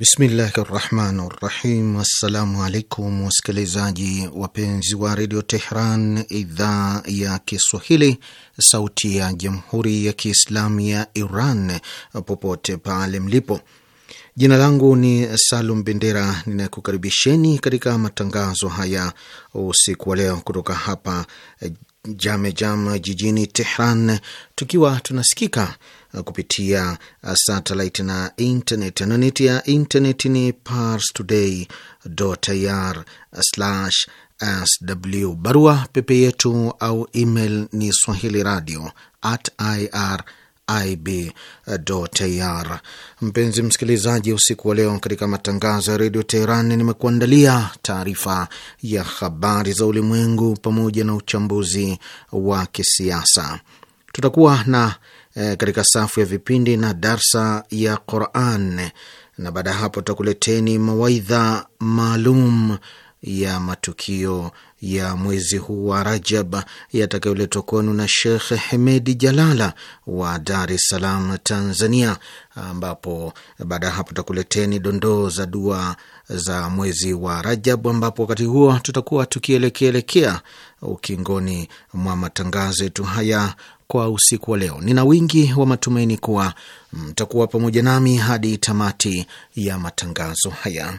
Bismillahi rahmani rahim. Assalamu alaikum wasikilizaji wapenzi wa redio Tehran, idhaa ya Kiswahili, sauti ya jamhuri ya kiislamu ya Iran, popote pale mlipo. Jina langu ni Salum Bendera, ninakukaribisheni katika matangazo haya usiku wa leo kutoka hapa Jamejama jijini Tehran, tukiwa tunasikika Uh, kupitia uh, satellite na internet. Anwani ya internet ni parstoday.ir/sw. Barua pepe yetu au email ni swahili radio at ir IB.ir. Mpenzi msikilizaji, usiku wa leo katika matangazo ya redio Teheran nimekuandalia taarifa ya habari za ulimwengu pamoja na uchambuzi wa kisiasa. Tutakuwa na Eh, katika safu ya vipindi na darsa ya Quran, na baada ya hapo tutakuleteni mawaidha maalum ya matukio ya mwezi huu wa Rajab yatakayoletwa kwenu na Shekh Hemedi Jalala wa Dar es Salaam, Tanzania, ambapo baada ya hapo tutakuleteni dondoo za dua za mwezi wa Rajab, ambapo wakati huo tutakuwa tukielekeelekea ukingoni mwa matangazo yetu haya kwa usiku wa leo. Nina wingi wa matumaini kuwa mtakuwa pamoja nami hadi tamati ya matangazo haya.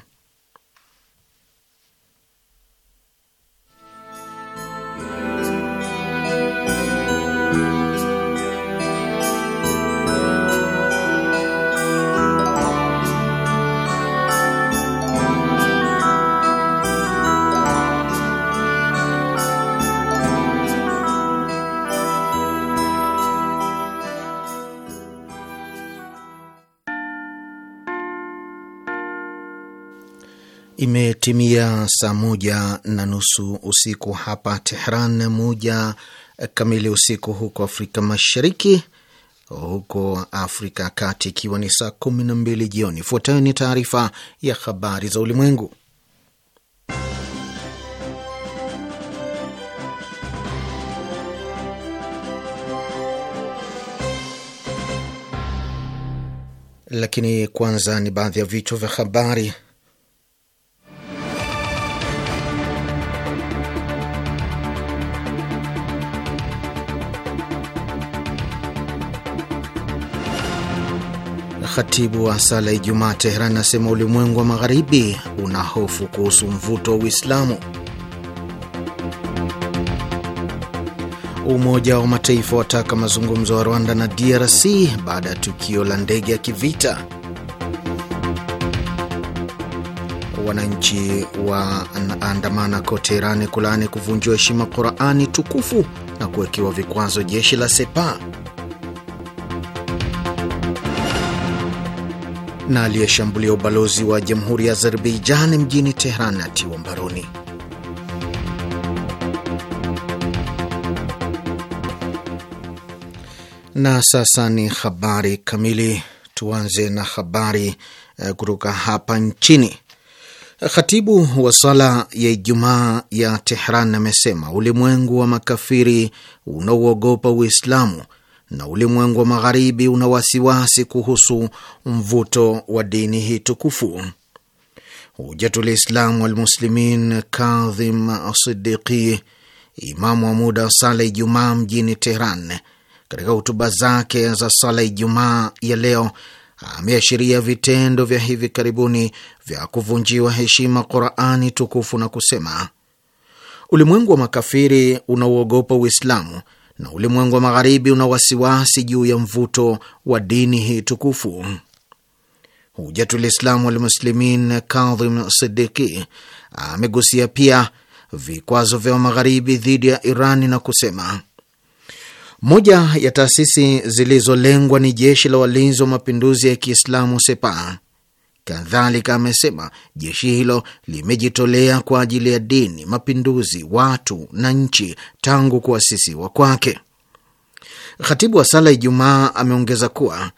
Imetimia saa moja na nusu usiku hapa Tehran, moja kamili usiku huko Afrika Mashariki, huko Afrika ya Kati ikiwa ni saa kumi na mbili jioni. Ifuatayo ni taarifa ya habari za ulimwengu, lakini kwanza ni baadhi ya vichwa vya habari. Khatibu wa sala Ijumaa Teheran anasema ulimwengu wa magharibi una hofu kuhusu mvuto wa Uislamu. Umoja wa Mataifa wataka mazungumzo wa Rwanda na DRC baada ya tukio la ndege ya kivita. Wananchi waandamana kote Irani kulaani kuvunjiwa heshima Qurani tukufu na kuwekewa vikwazo jeshi la Sepa. na aliyeshambulia ubalozi wa jamhuri ya Azerbaijan mjini Teheran atiwa mbaroni. Na sasa ni habari kamili. Tuanze na habari eh, kutoka hapa nchini. Khatibu wa sala ya Ijumaa ya Tehran amesema ulimwengu wa makafiri unaoogopa Uislamu na ulimwengu wa magharibi una wasiwasi kuhusu mvuto wa dini hii tukufu. Hujatulislam Walmuslimin Kadhim Sidiqi, imamu wa muda wa sala Ijumaa mjini tehran katika hutuba zake za sala Ijumaa ya leo ameashiria vitendo vya hivi karibuni vya kuvunjiwa heshima Qurani tukufu na kusema ulimwengu wa makafiri unauogopa Uislamu na ulimwengu wa magharibi una wasiwasi juu ya mvuto wa dini hii tukufu. Hujatulislamu Walmuslimin Kadhim Sidiki amegusia pia vikwazo vya magharibi dhidi ya Irani na kusema moja ya taasisi zilizolengwa ni jeshi la walinzi wa mapinduzi ya Kiislamu Sepah. Kadhalika amesema jeshi hilo limejitolea kwa ajili ya dini, mapinduzi, watu na nchi tangu kuasisiwa kwake. Khatibu wa sala Ijumaa ameongeza kuwa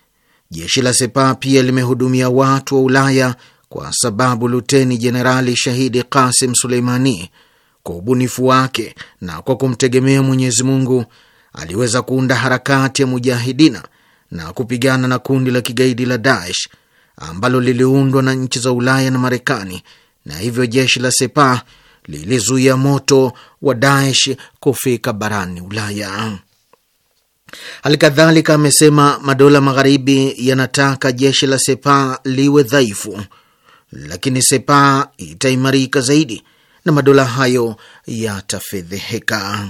jeshi la Sepa pia limehudumia watu wa Ulaya kwa sababu Luteni Jenerali Shahidi Kasim Suleimani kwa ubunifu wake na kwa kumtegemea Mwenyezi Mungu aliweza kuunda harakati ya mujahidina na kupigana na kundi la kigaidi la Daesh ambalo liliundwa na nchi za Ulaya na Marekani, na hivyo jeshi la Sepa lilizuia moto wa Daesh kufika barani Ulaya. Hali kadhalika amesema madola magharibi yanataka jeshi la Sepa liwe dhaifu, lakini Sepa itaimarika zaidi na madola hayo yatafedheheka.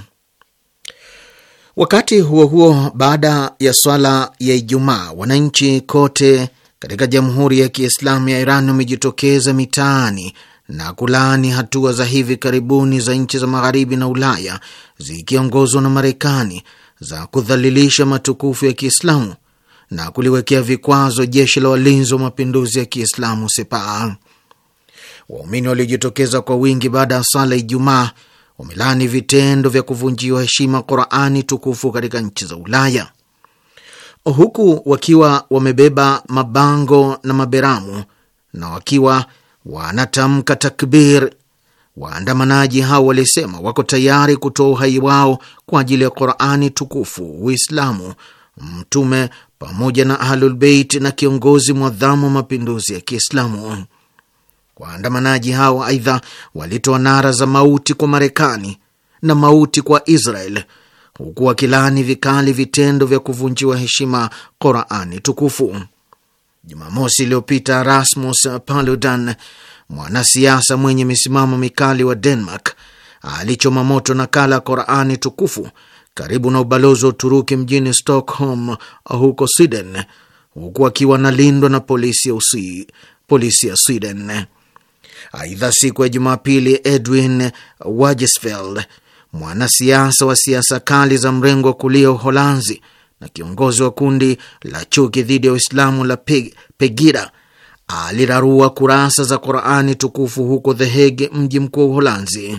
Wakati huo huo, baada ya swala ya Ijumaa, wananchi kote katika Jamhuri ya Kiislamu ya Iran wamejitokeza mitaani na kulaani hatua za hivi karibuni za nchi za Magharibi na Ulaya zikiongozwa na Marekani za kudhalilisha matukufu ya Kiislamu na kuliwekea vikwazo jeshi la walinzi wa mapinduzi ya Kiislamu Sepah. Waumini waliojitokeza kwa wingi baada ya sala Ijumaa wamelaani vitendo vya kuvunjiwa heshima Qurani tukufu katika nchi za Ulaya huku wakiwa wamebeba mabango na maberamu na wakiwa wanatamka takbir. Waandamanaji hao walisema wako tayari kutoa uhai wao kwa ajili ya Qurani Tukufu, Uislamu, Mtume pamoja na Ahlulbeit na kiongozi mwadhamu wa mapinduzi ya Kiislamu. Waandamanaji hao aidha walitoa nara za mauti kwa Marekani na mauti kwa Israel huku akilaani vikali vitendo vya kuvunjiwa heshima Qurani tukufu. Jumamosi iliyopita Rasmus Paludan, mwanasiasa mwenye misimamo mikali wa Denmark, alichoma moto nakala ya Qurani tukufu karibu na ubalozi wa Uturuki mjini Stockholm huko Sweden, huku akiwa analindwa na polisi ya usi, polisi ya Sweden. Aidha, siku ya Jumapili Edwin Wagesfeld, mwanasiasa wa siasa kali za mrengo wa kulia Uholanzi na kiongozi wa kundi la chuki dhidi ya Uislamu la Pegida alirarua kurasa za Qurani tukufu huko The Hague, mji mkuu wa Uholanzi.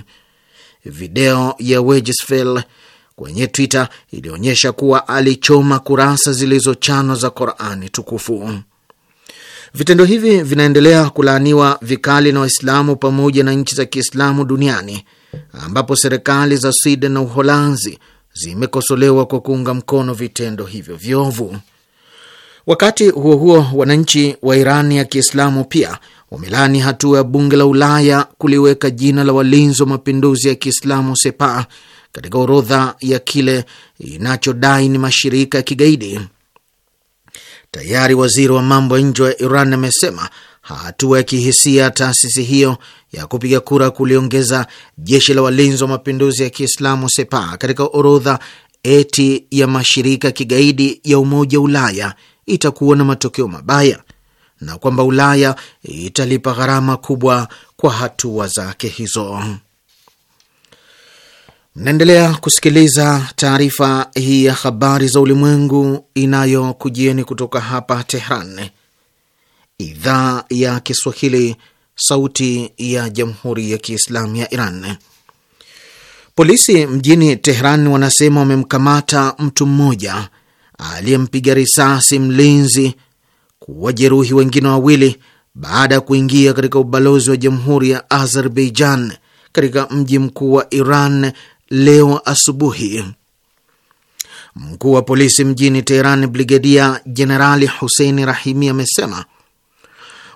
Video ya Weijsfel kwenye Twitter ilionyesha kuwa alichoma kurasa zilizochanwa za Qurani tukufu. Vitendo hivi vinaendelea kulaaniwa vikali na Waislamu pamoja na nchi za Kiislamu duniani ambapo serikali za Sweden na Uholanzi zimekosolewa kwa kuunga mkono vitendo hivyo viovu. Wakati huo huo, wananchi wa Irani ya Kiislamu pia wamelani hatua ya bunge la Ulaya kuliweka jina la walinzi wa mapinduzi ya Kiislamu sepa katika orodha ya kile inachodai ni mashirika ya kigaidi. Tayari waziri wa mambo ya nje wa Iran amesema hatua ya kihisia taasisi hiyo ya kupiga kura kuliongeza jeshi la walinzi wa mapinduzi ya Kiislamu sepa katika orodha eti ya mashirika kigaidi ya Umoja wa Ulaya itakuwa na matokeo mabaya na kwamba Ulaya italipa gharama kubwa kwa hatua zake hizo. Mnaendelea kusikiliza taarifa hii ya habari za ulimwengu inayokujieni kutoka hapa Tehran, idhaa ya Kiswahili, sauti ya jamhuri ya kiislamu ya Iran. Polisi mjini teheran wanasema wamemkamata mtu mmoja aliyempiga risasi mlinzi, kuwajeruhi wengine wawili baada ya kuingia katika ubalozi wa jamhuri ya Azerbaijan katika mji mkuu wa Iran leo asubuhi. Mkuu wa polisi mjini Teheran, Brigedia Jenerali Huseini Rahimi amesema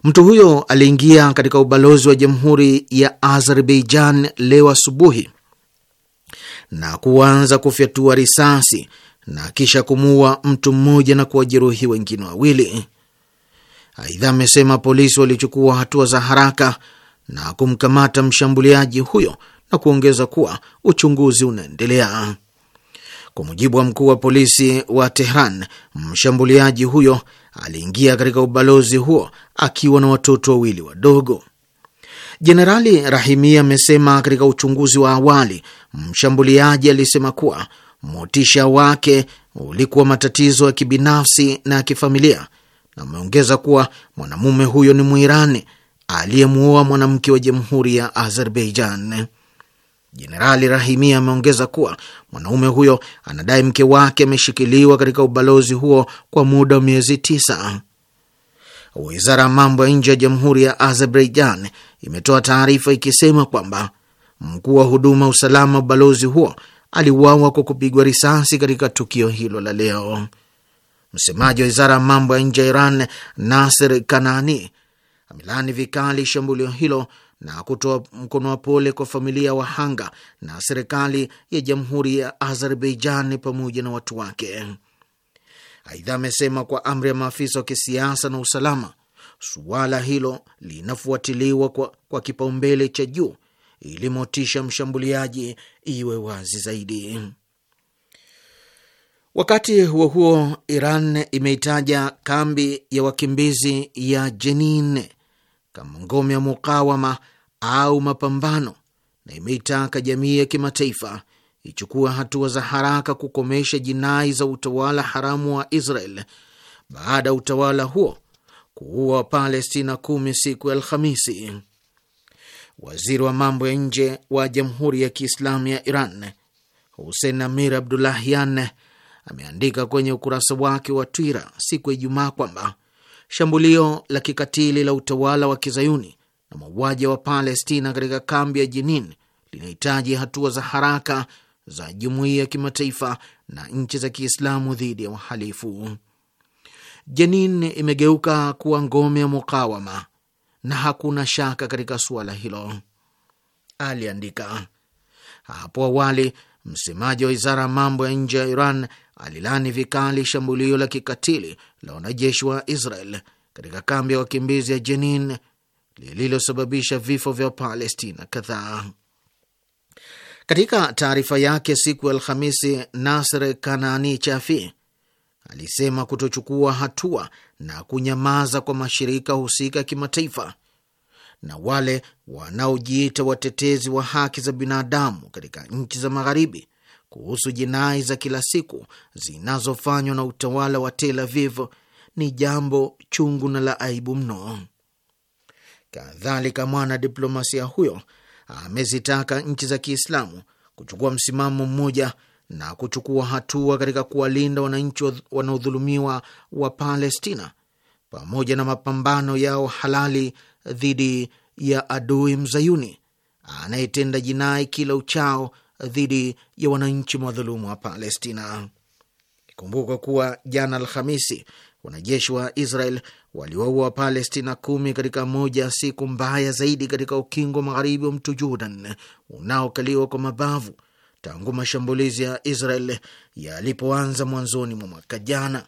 Mtu huyo aliingia katika ubalozi wa Jamhuri ya Azerbaijan leo asubuhi na kuanza kufyatua risasi na kisha kumuua mtu mmoja na kuwajeruhi wengine wawili. Aidha, amesema polisi walichukua hatua za haraka na kumkamata mshambuliaji huyo na kuongeza kuwa uchunguzi unaendelea. Kwa mujibu wa mkuu wa polisi wa Tehran, mshambuliaji huyo aliingia katika ubalozi huo akiwa na watoto wawili wadogo. Jenerali Rahimia amesema katika uchunguzi wa awali mshambuliaji alisema kuwa motisha wake ulikuwa matatizo ya kibinafsi na ya kifamilia, na ameongeza kuwa mwanamume huyo ni Mwirani aliyemuoa mwanamke wa jamhuri ya Azerbaijan. Jenerali rahimi ameongeza kuwa mwanaume huyo anadai mke wake ameshikiliwa katika ubalozi huo kwa muda wa miezi tisa. Wizara ya mambo ya nje ya Jamhuri ya Azerbaijan imetoa taarifa ikisema kwamba mkuu wa huduma usalama ubalozi huo aliuawa kwa kupigwa risasi katika tukio hilo la leo. Msemaji wa wizara ya mambo ya nje ya Iran naser Kanani amelaani vikali shambulio hilo na kutoa mkono wa pole kwa familia wa wahanga na serikali ya Jamhuri ya Azerbaijan pamoja na watu wake. Aidha, amesema kwa amri ya maafisa wa kisiasa na usalama, suala hilo linafuatiliwa kwa, kwa kipaumbele cha juu ili motisha mshambuliaji iwe wazi zaidi. Wakati huo huo, Iran imeitaja kambi ya wakimbizi ya Jenin kama ngome ya mukawama au mapambano, na imeitaka jamii ya kimataifa ichukua hatua za haraka kukomesha jinai za utawala haramu wa Israel baada ya utawala huo kuua Palestina kumi siku ya Alhamisi. Waziri wa mambo ya nje wa Jamhuri ya Kiislamu ya Iran Hussein Amir Abdullahian ameandika kwenye ukurasa wake wa Twira siku ya Ijumaa kwamba shambulio la kikatili la utawala wa kizayuni na mauaji ya Wapalestina katika kambi ya Jenin linahitaji hatua za haraka za jumuiya ya kimataifa na nchi za Kiislamu dhidi ya wahalifu. Jenin imegeuka kuwa ngome ya mukawama na hakuna shaka katika suala hilo, aliandika. Hapo awali msemaji wa wizara ya mambo ya nje ya Iran alilani vikali shambulio la kikatili la wanajeshi wa Israel katika kambi ya wakimbizi ya Jenin lililosababisha vifo vya Palestina kadhaa. Katika taarifa yake siku ya Alhamisi, Nasr Kanaani Chafi alisema kutochukua hatua na kunyamaza kwa mashirika husika ya kimataifa na wale wanaojiita watetezi wa haki za binadamu katika nchi za Magharibi kuhusu jinai za kila siku zinazofanywa na utawala wa Tel Aviv ni jambo chungu na la aibu mno. Kadhalika, mwanadiplomasia huyo amezitaka nchi za Kiislamu kuchukua msimamo mmoja na kuchukua hatua katika kuwalinda wananchi wanaodhulumiwa wa Palestina pamoja na mapambano yao halali dhidi ya adui mzayuni anayetenda jinai kila uchao dhidi ya wananchi mwadhulumu wa Palestina. Kumbuka kuwa jana Alhamisi wanajeshi wa Israel waliwaua Wapalestina kumi katika moja ya siku mbaya zaidi katika ukingo magharibi wa mto Jordan unaokaliwa kwa mabavu tangu mashambulizi ya Israel yalipoanza mwanzoni mwa mwaka jana.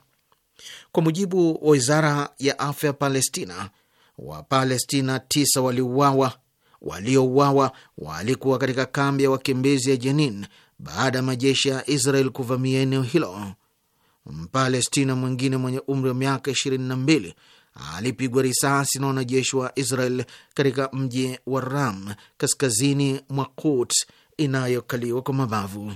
Kwa mujibu wa wizara ya afya ya Palestina, Wapalestina tisa waliuawa waliouawa walikuwa katika kambi ya wakimbizi ya Jenin baada ya majeshi ya Israel kuvamia eneo hilo. Mpalestina mwingine mwenye umri wa miaka 22 alipigwa risasi na wanajeshi wa Israel katika mji wa Ram kaskazini mwa Quds inayokaliwa kwa mabavu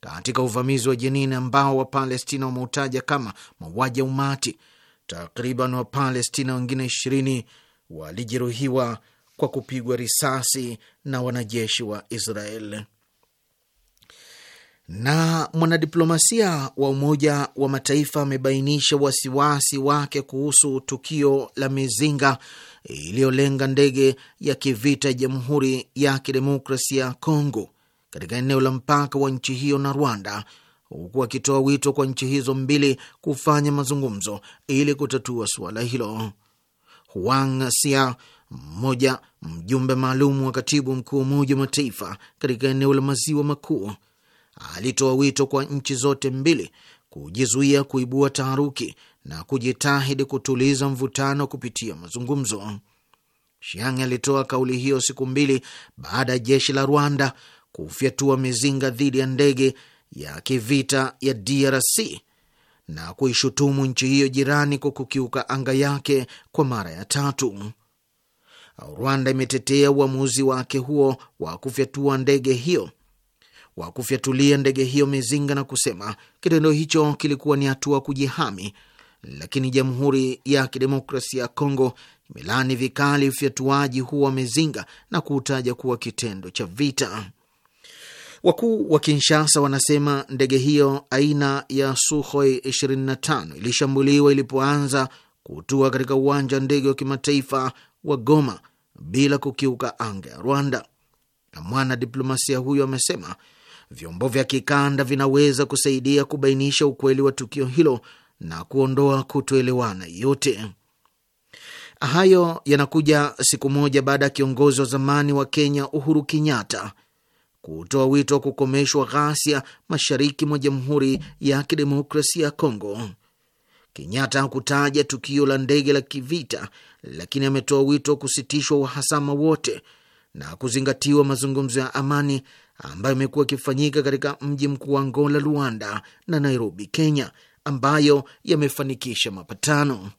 katika uvamizi wa Jenin ambao Wapalestina wameutaja kama mauaji ya umati. Takriban Wapalestina wengine 20 walijeruhiwa kwa kupigwa risasi na wanajeshi wa Israel. Na mwanadiplomasia wa Umoja wa Mataifa amebainisha wasiwasi wake kuhusu tukio la mizinga iliyolenga ndege ya kivita ya Jamhuri ya Kidemokrasia ya Kongo katika eneo la mpaka wa nchi hiyo na Rwanda, huku akitoa wito kwa nchi hizo mbili kufanya mazungumzo ili kutatua suala hilo. Huang mmoja mjumbe maalum wa katibu mkuu wa Umoja wa Mataifa katika eneo la maziwa makuu alitoa wito kwa nchi zote mbili kujizuia kuibua taharuki na kujitahidi kutuliza mvutano kupitia mazungumzo. Shiang alitoa kauli hiyo siku mbili baada ya jeshi la Rwanda kufyatua mizinga dhidi ya ndege ya kivita ya DRC na kuishutumu nchi hiyo jirani kwa kukiuka anga yake kwa mara ya tatu. Rwanda imetetea uamuzi wake huo wa kufyatua ndege hiyo wa kufyatulia ndege hiyo mizinga na kusema kitendo hicho kilikuwa ni hatua kujihami, lakini Jamhuri ya Kidemokrasia ya Kongo imelaani vikali ufyatuaji huo wa mizinga na kuutaja kuwa kitendo cha vita. Wakuu wa Kinshasa wanasema ndege hiyo aina ya Sukhoi 25 ilishambuliwa ilipoanza kutua katika uwanja wa ndege wa kimataifa wa Goma bila kukiuka anga ya Rwanda. Na mwanadiplomasia huyo amesema vyombo vya kikanda vinaweza kusaidia kubainisha ukweli wa tukio hilo na kuondoa kutoelewana yote. Hayo yanakuja siku moja baada ya kiongozi wa zamani wa Kenya Uhuru Kenyatta kutoa wito wa kukomeshwa ghasia mashariki mwa Jamhuri ya Kidemokrasia ya Kongo. Kenyatta hakutaja tukio la ndege la kivita lakini ametoa wito kusitishwa uhasama wote na kuzingatiwa mazungumzo ya amani ambayo imekuwa ikifanyika katika mji mkuu wa Angola, Luanda na Nairobi, Kenya, ambayo yamefanikisha mapatano.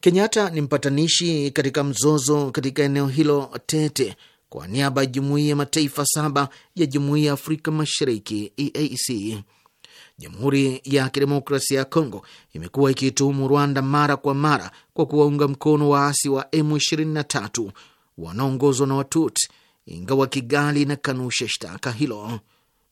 Kenyatta ni mpatanishi katika mzozo katika eneo hilo tete kwa niaba ya jumuiya ya mataifa saba ya jumuiya ya Afrika Mashariki, EAC. Jamhuri ya Kidemokrasia ya Kongo imekuwa ikituhumu Rwanda mara kwa mara kwa kuwaunga mkono waasi wa M23 wanaoongozwa na watut ingawa Kigali inakanusha shtaka hilo.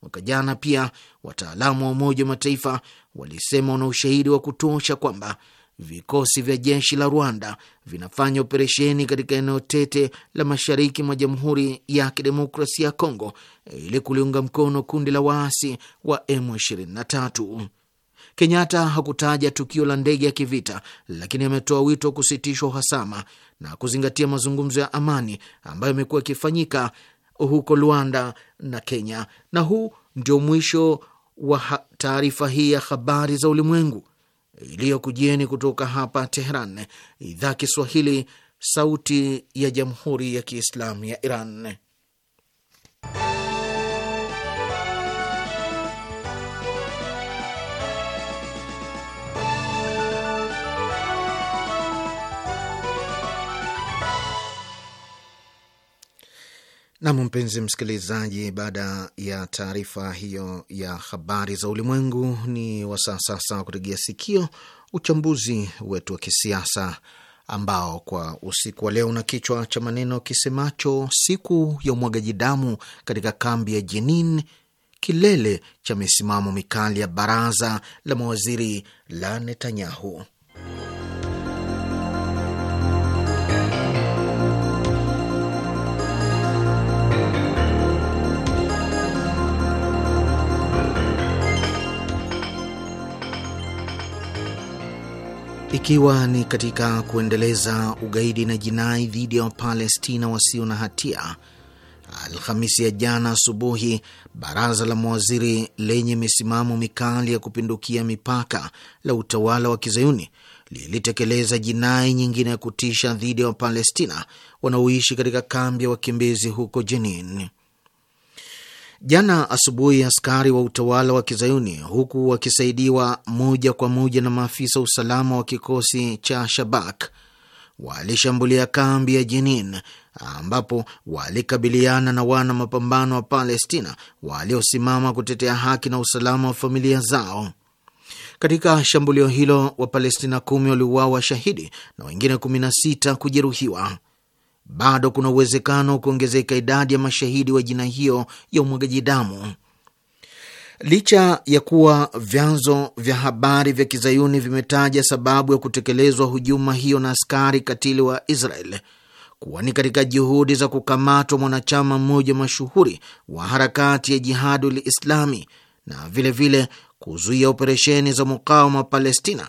Mwaka jana pia wataalamu wa Umoja wa Mataifa walisema wana ushahidi wa kutosha kwamba vikosi vya jeshi la Rwanda vinafanya operesheni katika eneo tete la mashariki mwa Jamhuri ya Kidemokrasia ya Kongo ili kuliunga mkono kundi la waasi wa M23. Kenyatta hakutaja tukio la ndege ya kivita, lakini ametoa wito wa kusitishwa uhasama na kuzingatia mazungumzo ya amani ambayo yamekuwa yakifanyika huko Rwanda na Kenya. Na huu ndio mwisho wa taarifa hii ya habari za ulimwengu iliyokujieni kutoka hapa Teheran, idhaa Kiswahili, sauti ya jamhuri ya kiislamu ya Iran. Nam, mpenzi msikilizaji, baada ya taarifa hiyo ya habari za ulimwengu, ni wasaa sasa wa kutegea sikio uchambuzi wetu wa kisiasa ambao kwa usiku wa leo na kichwa cha maneno kisemacho siku ya umwagaji damu katika kambi ya Jenin, kilele cha misimamo mikali ya baraza la mawaziri la Netanyahu. ikiwa ni katika kuendeleza ugaidi na jinai dhidi ya Wapalestina wasio na hatia. Alhamisi ya jana asubuhi, baraza la mawaziri lenye misimamo mikali ya kupindukia mipaka la utawala wa kizayuni lilitekeleza jinai nyingine ya kutisha dhidi ya Wapalestina wanaoishi katika kambi ya wakimbizi huko Jenin. Jana asubuhi askari wa utawala wa kizayuni huku wakisaidiwa moja kwa moja na maafisa usalama wa kikosi cha Shabak walishambulia kambi ya Jenin ambapo walikabiliana na wana mapambano wa Palestina waliosimama kutetea haki na usalama wa familia zao. Katika shambulio hilo Wapalestina kumi waliuawa shahidi na wengine 16 kujeruhiwa bado kuna uwezekano wa kuongezeka idadi ya mashahidi wa jina hiyo ya umwagaji damu. Licha ya kuwa vyanzo vya habari vya kizayuni vimetaja sababu ya kutekelezwa hujuma hiyo na askari katili wa Israel kuwa ni katika juhudi za kukamatwa mwanachama mmoja mashuhuri wa harakati ya Jihadul Islami na vilevile kuzuia operesheni za mukawama Palestina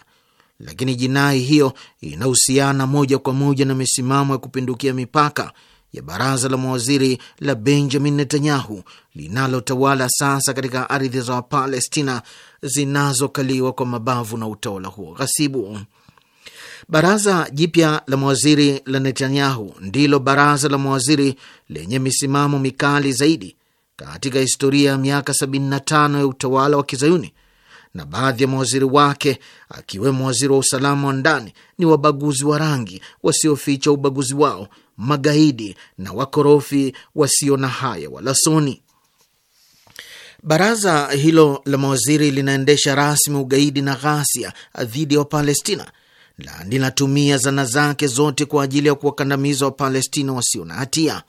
lakini jinai hiyo inahusiana moja kwa moja na misimamo ya kupindukia mipaka ya baraza la mawaziri la Benjamin Netanyahu linalotawala sasa katika ardhi za Wapalestina zinazokaliwa kwa mabavu na utawala huo ghasibu. Baraza jipya la mawaziri la Netanyahu ndilo baraza la mawaziri lenye misimamo mikali zaidi katika historia ya miaka 75 ya utawala wa Kizayuni na baadhi ya mawaziri wake akiwemo waziri wa usalama wa ndani ni wabaguzi wa rangi wasioficha ubaguzi wao, magaidi na wakorofi wasio na haya wala soni. Baraza hilo la mawaziri linaendesha rasmi ugaidi na ghasia dhidi ya Wapalestina na linatumia zana zake zote kwa ajili ya kuwakandamiza Wapalestina wasio na hatia.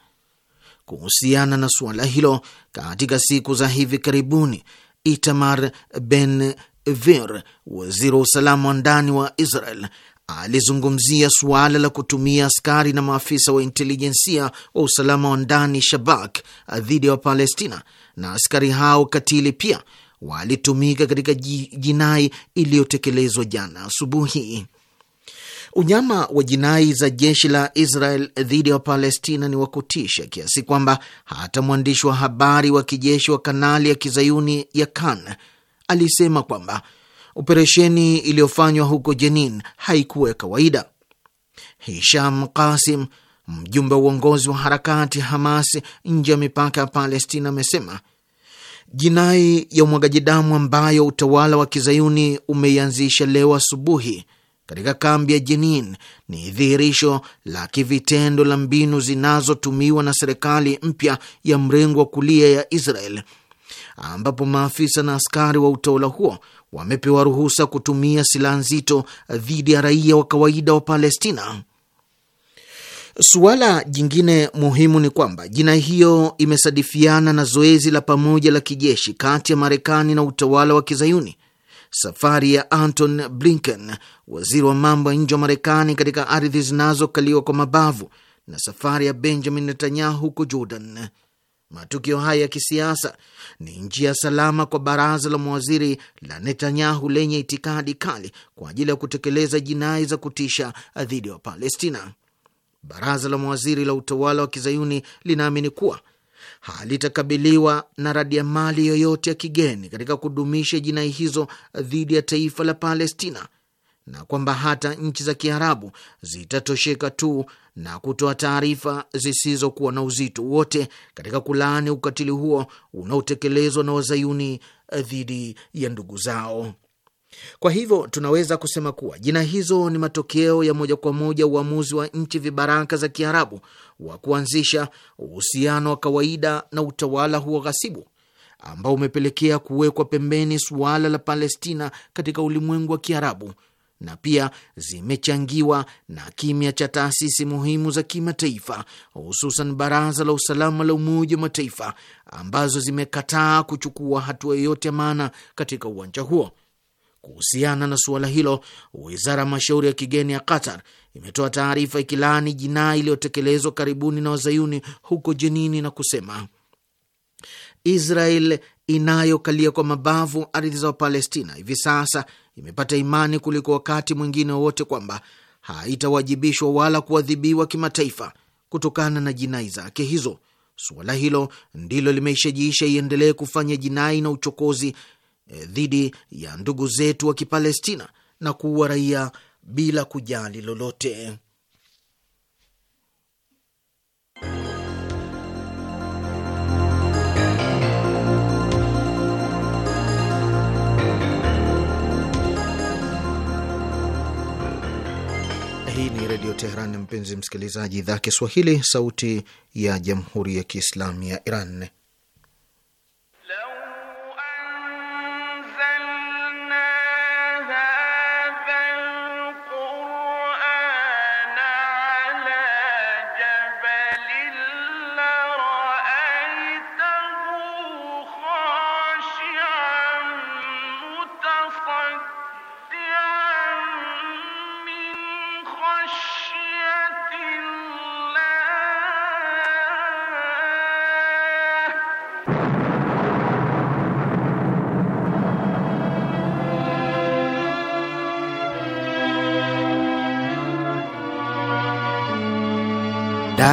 Kuhusiana na suala hilo, katika siku za hivi karibuni Itamar Ben Vir, waziri wa usalama wa ndani wa Israel, alizungumzia suala la kutumia askari na maafisa wa intelijensia wa usalama wa ndani Shabak dhidi ya Wapalestina, na askari hao katili pia walitumika katika jinai iliyotekelezwa jana asubuhi. Unyama wa jinai za jeshi la Israel dhidi ya Wapalestina ni wa kutisha kiasi kwamba hata mwandishi wa habari wa kijeshi wa kanali ya kizayuni ya Kan alisema kwamba operesheni iliyofanywa huko Jenin haikuwa ya kawaida. Hisham Kasim, mjumbe wa uongozi wa harakati Hamas nje ya mipaka ya Palestina, amesema jinai ya umwagaji damu ambayo utawala wa kizayuni umeianzisha leo asubuhi katika kambi ya Jenin ni dhihirisho la kivitendo la mbinu zinazotumiwa na serikali mpya ya mrengo wa kulia ya Israel, ambapo maafisa na askari wa utawala huo wamepewa ruhusa kutumia silaha nzito dhidi ya raia wa kawaida wa Palestina. Suala jingine muhimu ni kwamba jinai hiyo imesadifiana na zoezi la pamoja la kijeshi kati ya Marekani na utawala wa kizayuni Safari ya Anton Blinken, waziri wa mambo ya nje wa Marekani, katika ardhi zinazokaliwa kwa mabavu na safari ya Benjamin Netanyahu huko Jordan. Matukio haya ya kisiasa ni njia salama kwa baraza la mawaziri la Netanyahu lenye itikadi kali kwa ajili ya kutekeleza jinai za kutisha dhidi ya Wapalestina. Baraza la mawaziri la utawala wa kizayuni linaamini kuwa halitakabiliwa na radiamali yoyote ya kigeni katika kudumisha jinai hizo dhidi ya taifa la Palestina na kwamba hata nchi za Kiarabu zitatosheka tu na kutoa taarifa zisizokuwa na uzito wote katika kulaani ukatili huo unaotekelezwa na wazayuni dhidi ya ndugu zao. Kwa hivyo tunaweza kusema kuwa jina hizo ni matokeo ya moja kwa moja uamuzi wa nchi vibaraka za Kiarabu wa kuanzisha uhusiano wa kawaida na utawala huo ghasibu ambao umepelekea kuwekwa pembeni suala la Palestina katika ulimwengu wa Kiarabu na pia zimechangiwa na kimya cha taasisi muhimu za kimataifa hususan Baraza la Usalama la Umoja wa Mataifa ambazo zimekataa kuchukua hatua yoyote ya maana katika uwanja huo. Kuhusiana na suala hilo, wizara ya mashauri ya kigeni ya Qatar imetoa taarifa ikilaani jinai iliyotekelezwa karibuni na wazayuni huko Jenini na kusema Israel inayokalia kwa mabavu ardhi za Wapalestina hivi sasa imepata imani kuliko wakati mwingine wowote kwamba haitawajibishwa wala kuadhibiwa kimataifa kutokana na jinai zake hizo. Suala hilo ndilo limeishajiisha iendelee kufanya jinai na uchokozi Eh, dhidi ya ndugu zetu wa Kipalestina na kuua raia bila kujali lolote. Hii ni Redio Teheran, mpenzi msikilizaji, idhaa Kiswahili, sauti ya Jamhuri ya Kiislamu ya Iran.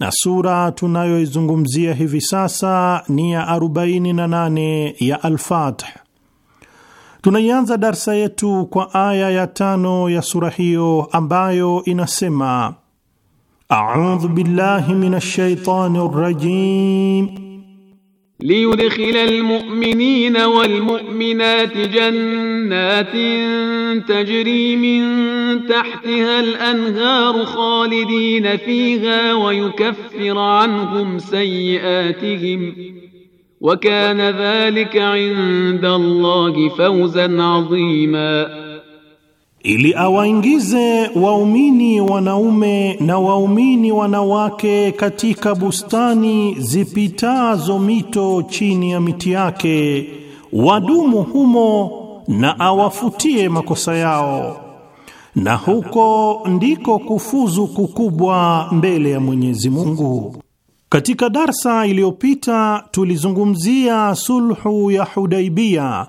na sura tunayoizungumzia hivi sasa ni ya 48 ya alfath Tunaianza darsa yetu kwa aya ya tano ya sura hiyo ambayo inasema, a'udhu billahi minash shaitani rrajim ليدخل المؤمنين والمؤمنات جنات تجري من تحتها الانهار خالدين فيها ويكفر عنهم سيئاتهم وكان ذلك عند الله فوزا عظيما ili awaingize waumini wanaume na waumini wanawake katika bustani zipitazo mito chini ya miti yake, wadumu humo na awafutie makosa yao, na huko ndiko kufuzu kukubwa mbele ya Mwenyezi Mungu. Katika darsa iliyopita tulizungumzia sulhu ya Hudaibia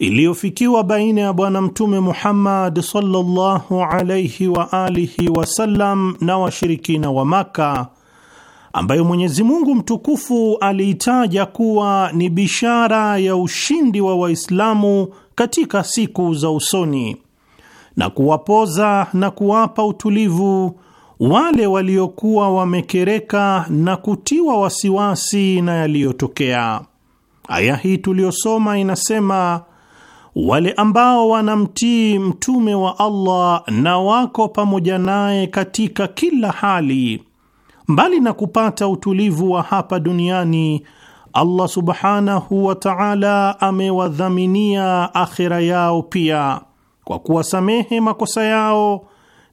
iliyofikiwa baina ya Bwana Mtume Muhammad sallallahu alayhi wa alihi wasallam na washirikina wa Maka, ambayo Mwenyezi Mungu mtukufu aliitaja kuwa ni bishara ya ushindi wa Waislamu katika siku za usoni na kuwapoza na kuwapa utulivu wale waliokuwa wamekereka na kutiwa wasiwasi na yaliyotokea. Aya hii tuliyosoma inasema wale ambao wanamtii mtume wa Allah na wako pamoja naye katika kila hali, mbali na kupata utulivu wa hapa duniani, Allah subhanahu wa ta'ala amewadhaminia akhira yao pia kwa kuwasamehe makosa yao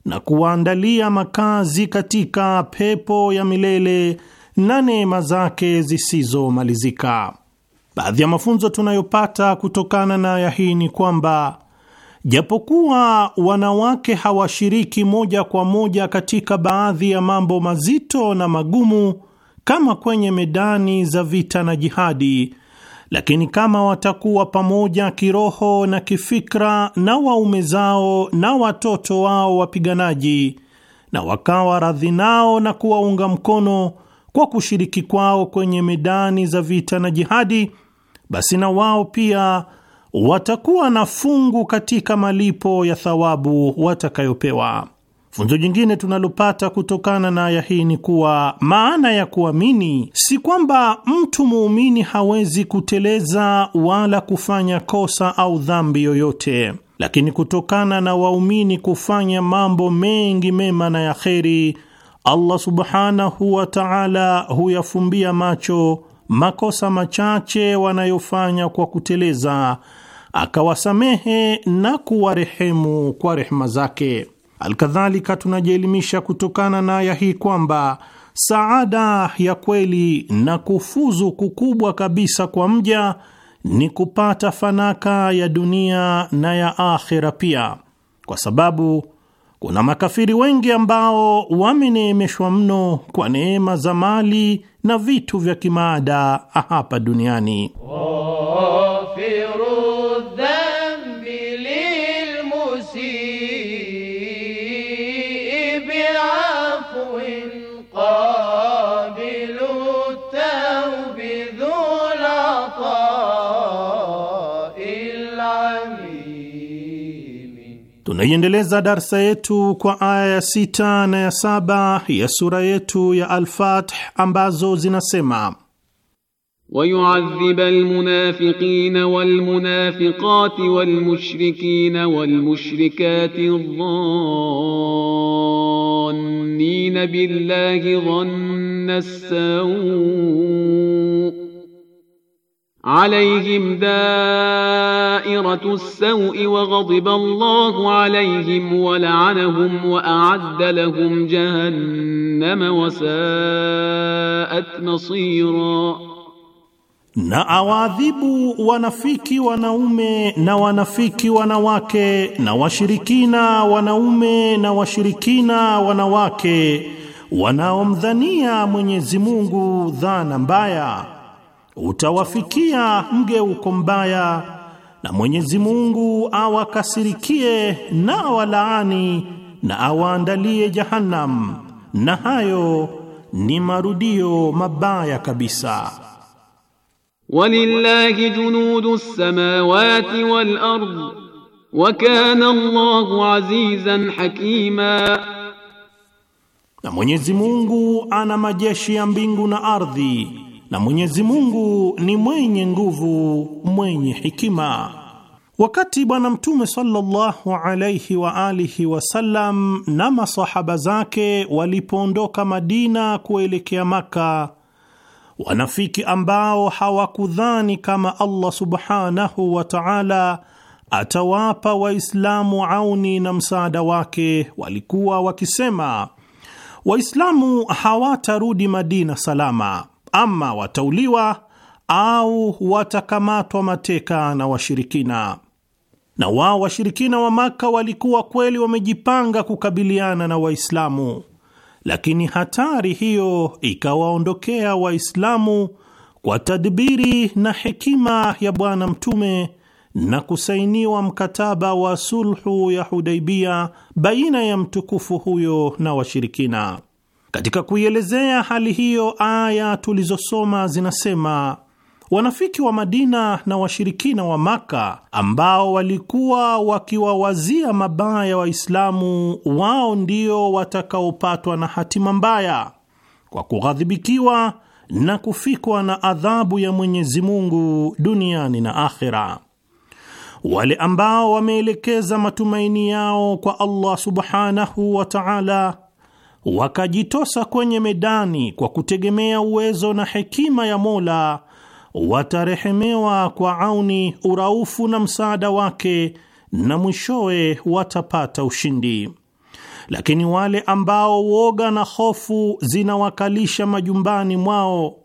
na kuwaandalia makazi katika pepo ya milele na neema zake zisizomalizika. Baadhi ya mafunzo tunayopata kutokana na aya hii ni kwamba japokuwa wanawake hawashiriki moja kwa moja katika baadhi ya mambo mazito na magumu kama kwenye medani za vita na jihadi, lakini kama watakuwa pamoja kiroho na kifikra na waume zao na watoto wao wapiganaji, na wakawa radhi nao na kuwaunga mkono kwa kushiriki kwao kwenye medani za vita na jihadi basi na wao pia watakuwa na fungu katika malipo ya thawabu watakayopewa. Funzo jingine tunalopata kutokana na aya hii ni kuwa maana ya kuamini si kwamba mtu muumini hawezi kuteleza wala kufanya kosa au dhambi yoyote, lakini kutokana na waumini kufanya mambo mengi mema na ya kheri, Allah subhanahu wa ta'ala huyafumbia macho makosa machache wanayofanya kwa kuteleza, akawasamehe na kuwarehemu kwa rehema zake. Alkadhalika, tunajielimisha kutokana na aya hii kwamba saada ya kweli na kufuzu kukubwa kabisa kwa mja ni kupata fanaka ya dunia na ya akhera pia, kwa sababu kuna makafiri wengi ambao wameneemeshwa mno kwa neema za mali na vitu vya kimaada hapa duniani. Oh, Tunaiendeleza darsa yetu kwa aya ya sita na ya saba ya sura yetu ya al ambazo zinasema wayuadhiba almunafiqina walmunafiqati walmushrikina walmushrikati dhannina billahi dhanna as-sawu alayhim dairatu sawi wa ghadiba Allahu alayhim wa la'anahum wa a'adda lahum jahannama wa sa'at masira, na awaadhibu wanafiki wanaume na wanafiki wanawake na washirikina wanaume na washirikina wanawake wanaomdhania Mwenyezi Mungu dhana mbaya utawafikia mgeuko mbaya, na Mwenyezi Mungu awakasirikie na awalaani na awaandalie Jahannam, na hayo ni marudio mabaya kabisa. Walillahi junudu samawati wal ard wa kana Allahu azizan hakima, na Mwenyezi Mungu ana majeshi ya mbingu na ardhi na Mwenyezi Mungu ni mwenye nguvu, mwenye hikima. Wakati Bwana Mtume sallallahu alayhi wa alihi wasallam na masahaba zake walipoondoka Madina kuelekea Maka, wanafiki ambao hawakudhani kama Allah subhanahu wa ta'ala atawapa Waislamu auni na msaada wake, walikuwa wakisema Waislamu hawatarudi Madina salama ama watauliwa au watakamatwa mateka na washirikina. Na wao washirikina wa Maka walikuwa kweli wamejipanga kukabiliana na Waislamu, lakini hatari hiyo ikawaondokea Waislamu kwa tadbiri na hekima ya Bwana Mtume na kusainiwa mkataba wa sulhu ya Hudaibia baina ya mtukufu huyo na washirikina. Katika kuielezea hali hiyo, aya tulizosoma zinasema wanafiki wa Madina na washirikina wa Maka ambao walikuwa wakiwawazia mabaya Waislamu, wao ndio watakaopatwa na hatima mbaya kwa kughadhibikiwa na kufikwa na adhabu ya Mwenyezi Mungu duniani na akhera. Wale ambao wameelekeza matumaini yao kwa Allah subhanahu wa ta'ala wakajitosa kwenye medani kwa kutegemea uwezo na hekima ya Mola, watarehemewa kwa auni, uraufu na msaada wake, na mwishowe watapata ushindi. Lakini wale ambao woga na hofu zinawakalisha majumbani mwao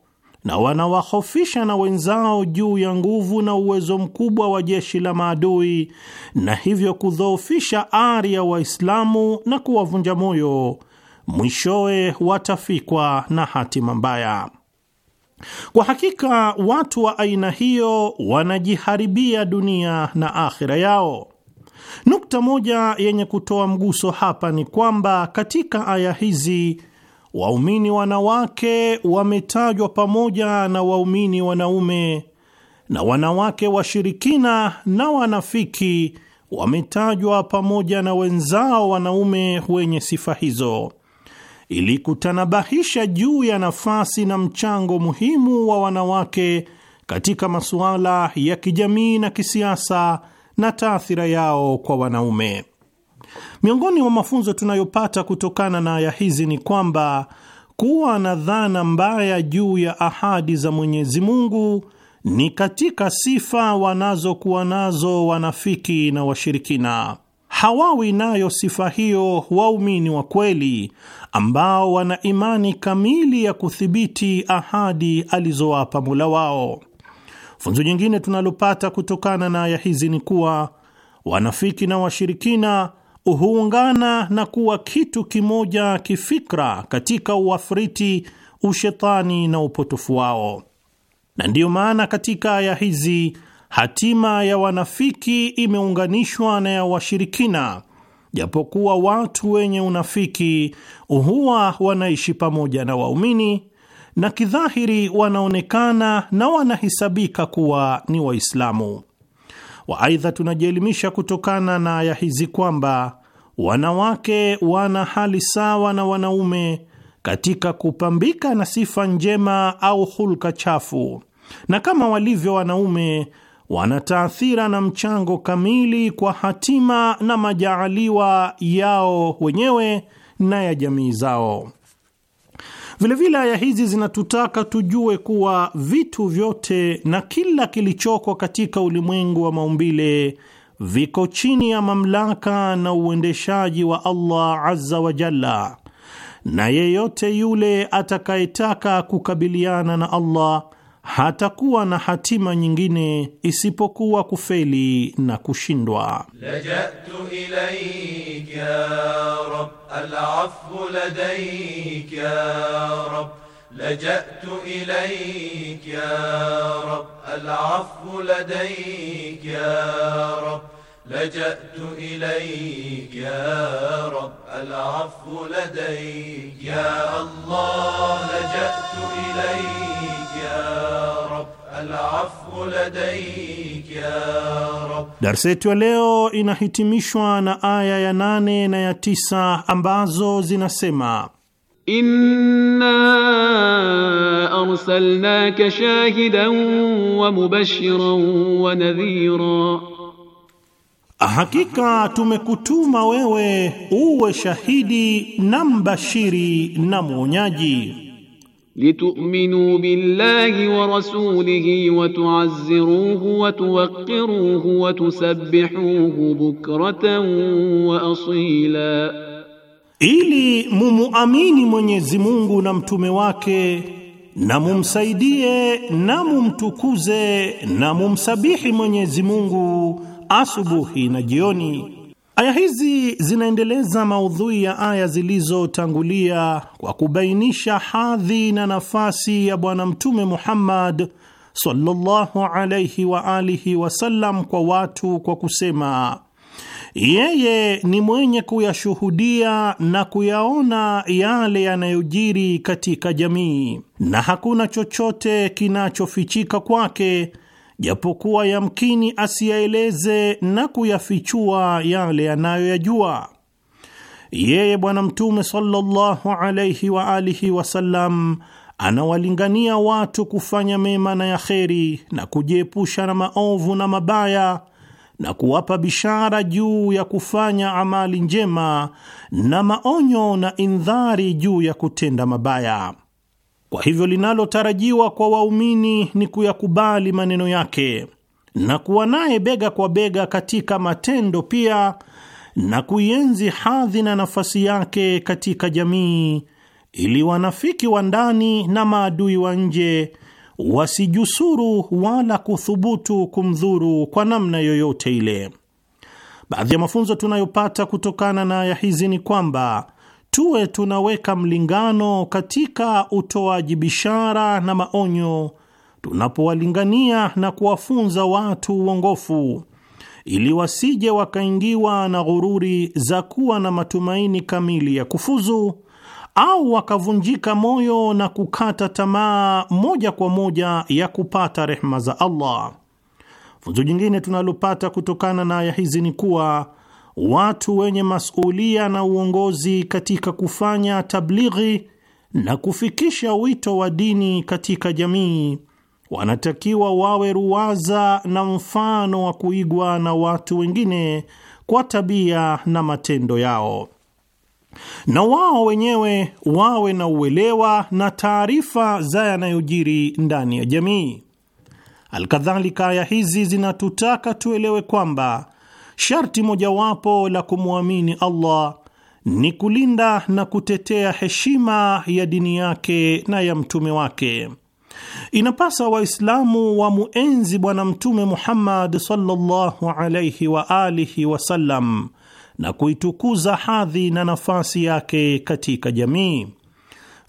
na wanawahofisha na wenzao juu ya nguvu na uwezo mkubwa wa jeshi la maadui, na hivyo kudhoofisha ari ya Waislamu na kuwavunja moyo mwishowe watafikwa na hatima mbaya. Kwa hakika watu wa aina hiyo wanajiharibia dunia na akhira yao. Nukta moja yenye kutoa mguso hapa ni kwamba katika aya hizi waumini wanawake wametajwa pamoja na waumini wanaume na wanawake washirikina na wanafiki wametajwa pamoja na wenzao wanaume wenye sifa hizo ili kutanabahisha juu ya nafasi na mchango muhimu wa wanawake katika masuala ya kijamii na kisiasa na taathira yao kwa wanaume. Miongoni mwa mafunzo tunayopata kutokana na aya hizi ni kwamba kuwa na dhana mbaya juu ya ahadi za Mwenyezi Mungu ni katika sifa wanazokuwa nazo wanafiki na washirikina hawawi nayo sifa hiyo waumini wa kweli ambao wana imani kamili ya kuthibiti ahadi alizowapa Mola wao. Funzo nyingine tunalopata kutokana na aya hizi ni kuwa wanafiki na washirikina huungana na kuwa kitu kimoja kifikra katika uafriti, ushetani na upotofu wao, na ndiyo maana katika aya hizi Hatima ya wanafiki imeunganishwa na ya washirikina, japokuwa watu wenye unafiki huwa wanaishi pamoja na waumini na kidhahiri wanaonekana na wanahisabika kuwa ni Waislamu wa. Aidha, tunajielimisha kutokana na aya hizi kwamba wanawake wana hali sawa na wanaume katika kupambika na sifa njema au hulka chafu, na kama walivyo wanaume wana taathira na mchango kamili kwa hatima na majaaliwa yao wenyewe na ya jamii zao. Vilevile aya hizi zinatutaka tujue kuwa vitu vyote na kila kilichoko katika ulimwengu wa maumbile viko chini ya mamlaka na uendeshaji wa Allah azza wa jalla, na yeyote yule atakayetaka kukabiliana na Allah hatakuwa na hatima nyingine isipokuwa kufeli na kushindwa. Lajatu ya لجأت إليك يا رب العفو لديك يا الله لجأت إليك يا رب العفو لديك يا رب Darsa yetu ya leo inahitimishwa na aya ya nane na ya tisa ambazo zinasema Inna arsalnaka shahidan wa mubashiran wa nadhira Hakika tumekutuma wewe uwe shahidi na mbashiri na mwonyaji. Litu'minu billahi wa rasulihi wa tu'azziruhu wa tuwaqqiruhu wa tusabbihuhu bukratan wa asila, ili mumuamini Mwenyezi Mungu na mtume wake na mumsaidie na mumtukuze na mumsabihi Mwenyezi Mungu asubuhi na jioni. Aya hizi zinaendeleza maudhui ya aya zilizotangulia kwa kubainisha hadhi na nafasi ya Bwana Mtume Muhammad sallallahu alayhi wa alihi wasallam kwa watu kwa kusema yeye ni mwenye kuyashuhudia na kuyaona yale yanayojiri katika jamii na hakuna chochote kinachofichika kwake japokuwa yamkini asiyaeleze na kuyafichua yale anayoyajua yeye. Bwana Mtume sallallahu alaihi wa alihi wasallam anawalingania watu kufanya mema na ya kheri na kujiepusha na maovu na mabaya na kuwapa bishara juu ya kufanya amali njema na maonyo na indhari juu ya kutenda mabaya. Kwa hivyo linalotarajiwa kwa waumini ni kuyakubali maneno yake na kuwa naye bega kwa bega katika matendo pia, na kuienzi hadhi na nafasi yake katika jamii, ili wanafiki wa ndani na maadui wa nje wasijusuru wala kuthubutu kumdhuru kwa namna yoyote ile. Baadhi ya mafunzo tunayopata kutokana na aya hizi ni kwamba tuwe tunaweka mlingano katika utoaji bishara na maonyo tunapowalingania na kuwafunza watu uongofu, ili wasije wakaingiwa na ghururi za kuwa na matumaini kamili ya kufuzu au wakavunjika moyo na kukata tamaa moja kwa moja ya kupata rehma za Allah. Funzo jingine tunalopata kutokana na aya hizi ni kuwa watu wenye masulia na uongozi katika kufanya tablighi na kufikisha wito wa dini katika jamii wanatakiwa wawe ruwaza na mfano wa kuigwa na watu wengine kwa tabia na matendo yao, na wao wenyewe wawe na uelewa na taarifa za yanayojiri ndani ya jamii. Alkadhalika, aya hizi zinatutaka tuelewe kwamba Sharti mojawapo la kumwamini Allah ni kulinda na kutetea heshima ya dini yake na ya mtume wake. Inapasa Waislamu muenzi Bwana Mtume Muhammad sallallahu alaihi wa alihi wasallam na kuitukuza hadhi na nafasi yake katika jamii.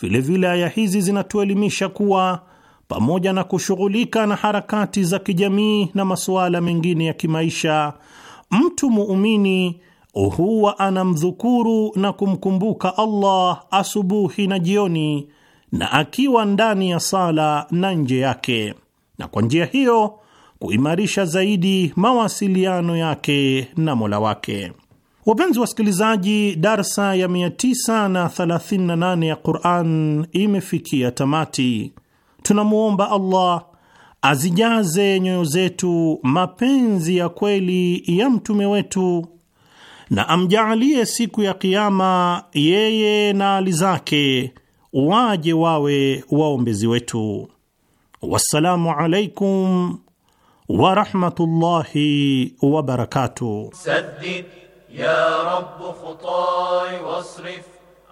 Vilevile aya hizi zinatuelimisha kuwa pamoja na kushughulika na harakati za kijamii na masuala mengine ya kimaisha mtu muumini huwa anamdhukuru na kumkumbuka Allah asubuhi na jioni, na akiwa ndani ya sala na nje yake, na kwa njia hiyo kuimarisha zaidi mawasiliano yake na Mola wake. Wapenzi wasikilizaji, darsa ya 938 ya Qur'an imefikia tamati. Tunamwomba Allah azijaze nyoyo zetu mapenzi ya kweli ya mtume wetu na amjaalie siku ya Kiama yeye na ali zake waje wawe waombezi wetu. Wassalamu alaikum warahmatullahi wabarakatuh. Saddid ya Rabb khutai wasrif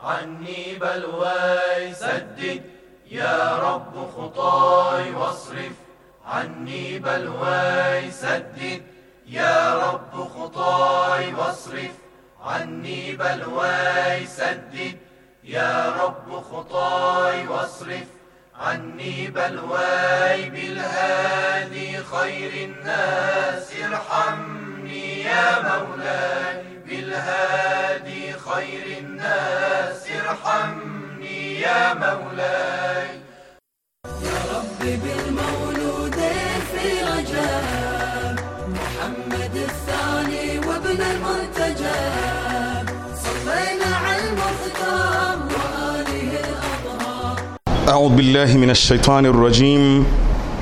anni balwai. Saddid ya Rabb khutai wasrif عني بلواي سدد يا رب خطاي واصرف عني بلواي سدد يا رب خطاي واصرف عني بلواي بالهادي خير الناس ارحمني يا مولاي بالهادي خير الناس ارحمني يا مولاي يا رب بالهادي المستجاب محمد الثاني وابن المنتجب صلينا على المختار وآله الأطهار أعوذ بالله من الشيطان الرجيم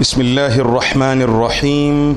بسم الله الرحمن الرحيم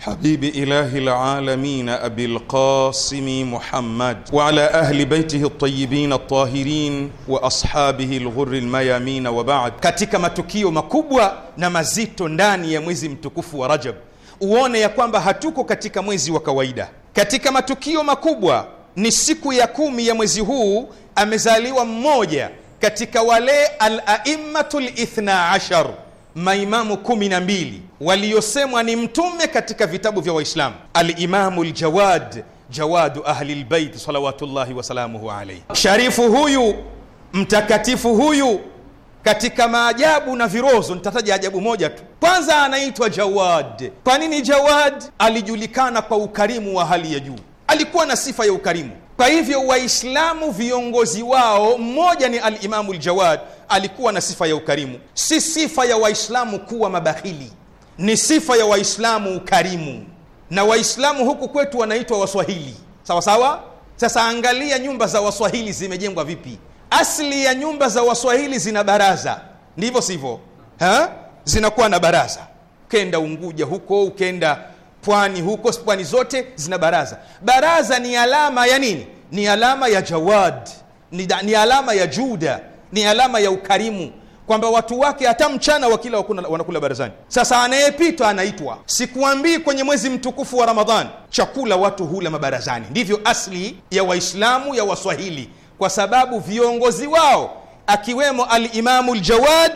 حبيب إله العالمين أبي القاسم محمد وعلى أهل بيته الطيبين الطاهرين وأصحابه الغر الميامين وبعد katika matukio makubwa na mazito ndani ya mwezi mtukufu wa Rajab uone ya kwamba hatuko katika mwezi wa kawaida katika matukio makubwa ni siku ya kumi ya mwezi huu amezaliwa mmoja katika wale al lithna ithna ashar maimamu kumi na mbili waliosemwa ni mtume katika vitabu vya Waislamu, Alimamu Ljawad, jawadu ahli lbait salawatullahi wasalamuhu alaihi. Sharifu huyu mtakatifu huyu, katika maajabu na virozo nitataja ajabu moja tu. Kwanza anaitwa Jawad. Kwa nini Jawad? Alijulikana kwa ukarimu wa hali ya juu, alikuwa na sifa ya ukarimu kwa hivyo waislamu viongozi wao mmoja ni alimamu ljawad alikuwa na sifa ya ukarimu si sifa ya waislamu kuwa mabakhili ni sifa ya waislamu ukarimu na waislamu huku kwetu wanaitwa waswahili sawa sawa sasa angalia nyumba za waswahili zimejengwa vipi asli ya nyumba za waswahili zina baraza ndivyo sivyo zinakuwa na baraza ukenda unguja huko ukenda pwani huko pwani zote zina baraza baraza ni alama ya nini ni alama ya jawad ni, ni alama ya juda ni alama ya ukarimu kwamba watu wake hata mchana wakila wakuna, wanakula barazani sasa anayepita anaitwa sikuambii kwenye mwezi mtukufu wa ramadhan chakula watu hula mabarazani ndivyo asli ya waislamu ya waswahili kwa sababu viongozi wao akiwemo alimamu ljawad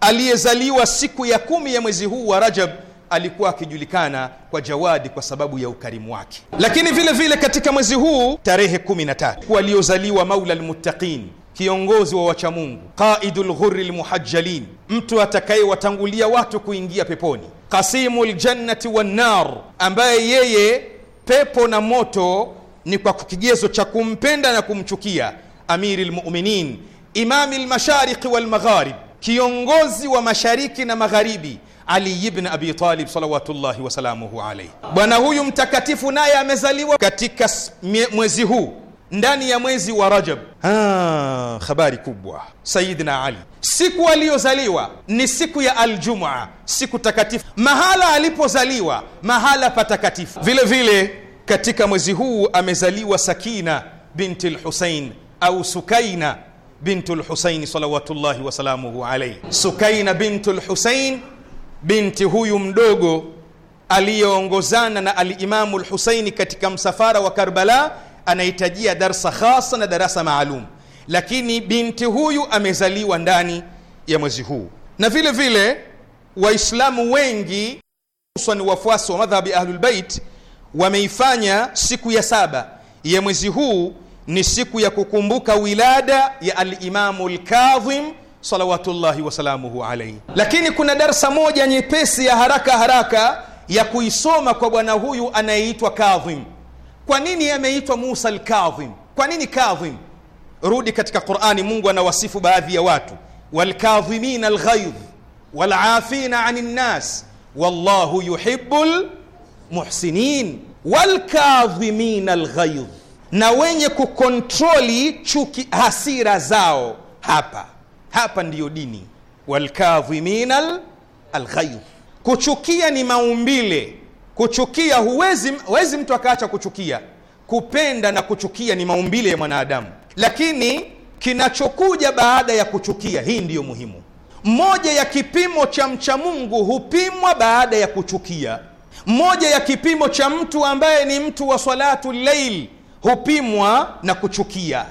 aliyezaliwa siku ya kumi ya mwezi huu wa rajab alikuwa akijulikana kwa Jawadi kwa sababu ya ukarimu wake. Lakini vile vile katika mwezi huu tarehe 13 waliozaliwa Maula Almuttaqin, kiongozi wa wachamungu, qaidul ghurri lmuhajjalin, mtu atakayewatangulia watu kuingia peponi, qasimu ljannati wannar, ambaye yeye pepo na moto ni kwa kigezo cha kumpenda na kumchukia, amiri lmuminin, imami lmashariki walmagharib, kiongozi wa mashariki na magharibi ali ibn Abi Talib salawatullahi wasalamuhu alaihi. Bwana huyu mtakatifu naye amezaliwa katika mwezi huu ndani ya mwezi wa Rajab. Ah, habari kubwa. Sayyidina Ali siku aliyozaliwa ni siku ya Aljumua, siku takatifu, mahala alipozaliwa mahala patakatifu. Vile vile katika mwezi huu amezaliwa Sakina binti Lhusein au Sukaina bintu Lhusein salawatullahi wasalamuhu alaihi. Sukaina bintu Lhusein binti huyu mdogo aliyeongozana na alimamu lhusaini katika msafara wa Karbala anahitajia darsa khasa na darasa maalum, lakini binti huyu amezaliwa ndani ya mwezi huu. Na vile vile Waislamu wengi hususan wafuasi wa madhhabi Ahlulbeit wameifanya siku ya saba ya mwezi huu ni siku ya kukumbuka wilada ya alimamu lkadhim salawatullahi wasalamuhu alaihi. Lakini kuna darsa moja nyepesi ya haraka haraka ya kuisoma kwa bwana huyu anayeitwa Kadhim. Kwa nini ameitwa Musa Alkadhim? Kwa nini Kadhim? Rudi katika Qurani, Mungu anawasifu baadhi ya watu, walkadhimina alghaidh walafina ani nnas wallahu yuhibu lmuhsinin. Walkadhimina alghaidh, na wenye kukontroli chuki hasira zao hapa hapa ndiyo dini. Walkadhimina alghayb, kuchukia ni maumbile. Kuchukia huwezi, huwezi mtu akaacha kuchukia. Kupenda na kuchukia ni maumbile ya mwanadamu, lakini kinachokuja baada ya kuchukia, hii ndiyo muhimu. Moja ya kipimo cha mcha Mungu hupimwa baada ya kuchukia. Moja ya kipimo cha mtu ambaye ni mtu wa salatu lail hupimwa na kuchukia.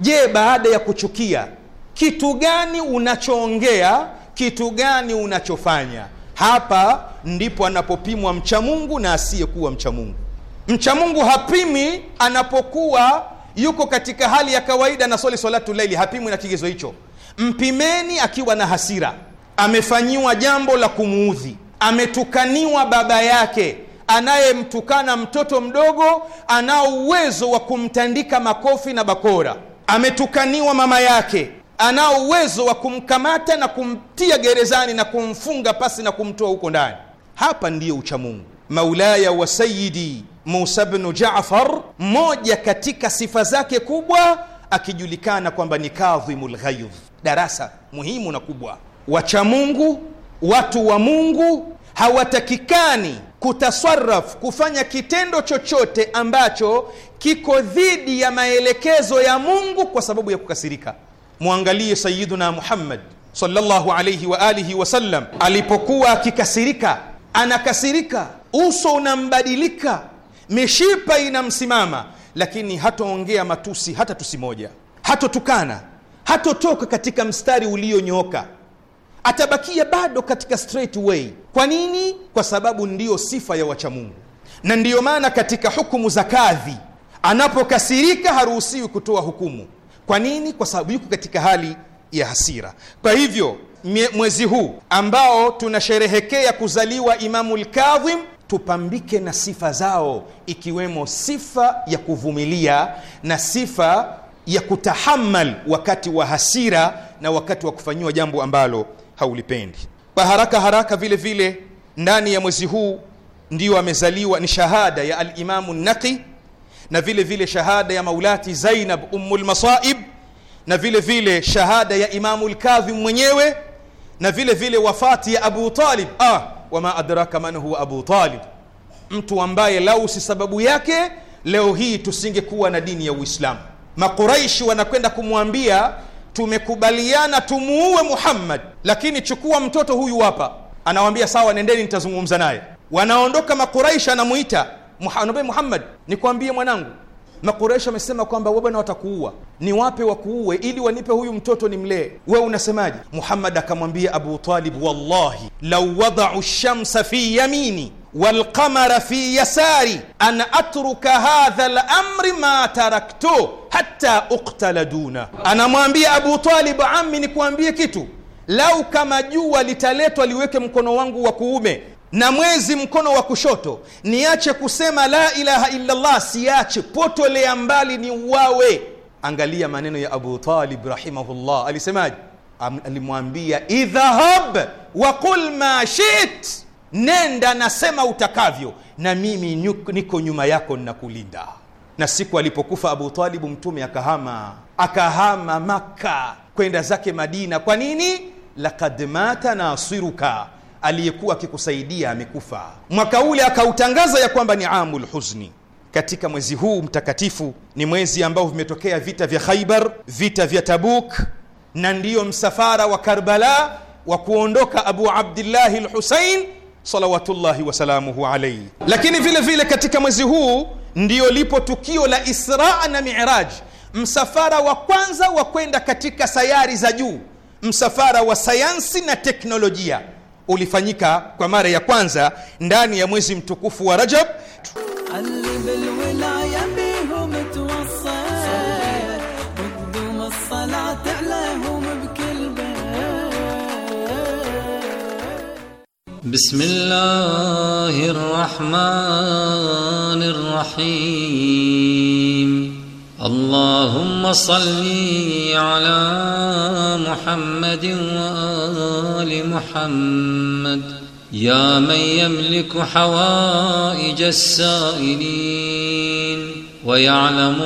Je, baada ya kuchukia kitu gani unachoongea, kitu gani unachofanya. Hapa ndipo anapopimwa mcha Mungu na asiyekuwa mcha Mungu. Mcha Mungu hapimi anapokuwa yuko katika hali ya kawaida na soli salatu laili, hapimwi na kigezo hicho. Mpimeni akiwa na hasira, amefanyiwa jambo la kumuudhi, ametukaniwa baba yake anayemtukana mtoto mdogo anao uwezo wa kumtandika makofi na bakora. Ametukaniwa mama yake anao uwezo wa kumkamata na kumtia gerezani na kumfunga pasi na kumtoa huko ndani. Hapa ndiyo uchamungu. Maulaya wa Sayidi Musa bnu Jafar, moja katika sifa zake kubwa akijulikana kwamba ni kadhimu lghaidh. Darasa muhimu na kubwa. Wachamungu, watu wa Mungu hawatakikani kutaswaraf, kufanya kitendo chochote ambacho kiko dhidi ya maelekezo ya Mungu kwa sababu ya kukasirika mwangalie Sayyiduna Muhammad sallallahu alayhi wa alihi sallam, alipokuwa akikasirika, anakasirika, uso unambadilika, mishipa inamsimama, lakini hatoongea matusi hata tusi moja, hatotukana, hatotoka katika mstari ulionyooka, atabakia bado katika straight way. Kwa nini? Kwa sababu ndiyo sifa ya wachamungu, na ndiyo maana katika hukumu za kadhi, anapokasirika haruhusiwi kutoa hukumu kwa nini? Kwa sababu yuko katika hali ya hasira. Kwa hivyo mwezi huu ambao tunasherehekea kuzaliwa imamu lkadhim tupambike na sifa zao, ikiwemo sifa ya kuvumilia na sifa ya kutahamal wakati wa hasira na wakati wa kufanyiwa jambo ambalo haulipendi kwa haraka haraka. Vile vile ndani ya mwezi huu ndiyo amezaliwa, ni shahada ya Alimamu Naqi na vile vile shahada ya maulati Zainab ummul masaib na vile vile shahada ya Imamu lkadhim mwenyewe na vile vile wafati ya Abu Talib. Ah, wama adraka man huwa Abu Talib, mtu ambaye lau si sababu yake leo hii tusingekuwa na dini ya Uislamu. Makuraishi wanakwenda kumwambia tumekubaliana tumuue Muhammad, lakini chukua mtoto huyu hapa. Anawambia sawa, nendeni, nitazungumza naye. Wanaondoka Makuraishi, anamuita Anaambia Muhammad, nikwambie mwanangu, Makureshi amesema kwamba wewe bwana, watakuua ni wape wakuue, ili wanipe huyu mtoto nimlee, we unasemaje? Muhammad akamwambia Abu Talib, wallahi lau wadau shamsa fi yamini walqamara fi yasari an atruka hadha lamri ma taraktu hata uktala duna. Anamwambia Abu Talib, ami, nikuambie kitu, lau kama jua litaletwa liweke mkono wangu wa kuume na mwezi mkono wa kushoto niache kusema la ilaha illallah siache potolea mbali ni uwawe angalia maneno ya abu talib rahimahullah alisemaje alimwambia idhahab wa qul ma shit nenda nasema utakavyo na mimi niko nyuma yako nnakulinda na siku alipokufa abu talibu mtume akahama akahama makka kwenda zake madina kwa nini lakad mata nasiruka aliyekuwa akikusaidia amekufa. Mwaka ule akautangaza ya kwamba ni amul huzni. Katika mwezi huu mtakatifu ni mwezi ambao vimetokea vita vya Khaibar, vita vya Tabuk, na ndiyo msafara wa Karbala wa kuondoka Abu Abdillahi Lhusain salawatullahi wasalamuhu alaihi. Lakini vile vile katika mwezi huu ndiyo lipo tukio la isra na Miraj, msafara wa kwanza wa kwenda katika sayari za juu, msafara wa sayansi na teknolojia ulifanyika kwa mara ya kwanza ndani ya mwezi mtukufu wa Rajab. بسم الله الرحمن الرحيم اللهم صل على محمد وآل محمد يا من يملك حوائج السائلين ويعلم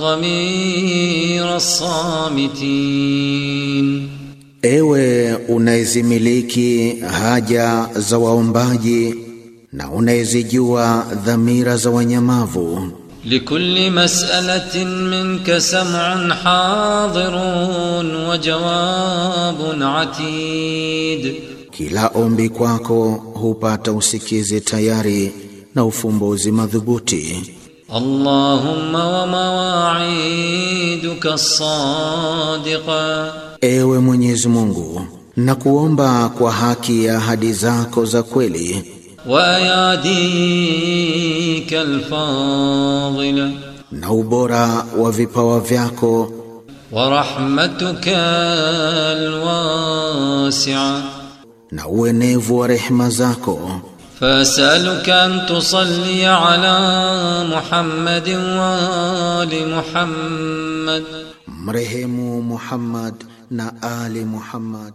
ضمير الصامتين Ewe unayezimiliki haja za waombaji na unayezijua dhamira za wanyamavu لكل مسألة منك سمع حاضر وجواب عتيد kila ombi kwako hupata usikizi tayari na ufumbuzi madhubuti Allahumma wa mawaiduka sadiqa Ewe Mwenyezi Mungu nakuomba kwa haki ya ahadi zako za kweli وأياديك الفاضلة نوبرا وفي wa ورحمتك الواسعة na ورحمة زاكو فاسالك ان تصلي على محمد وال محمد مرهم محمد نآل محمد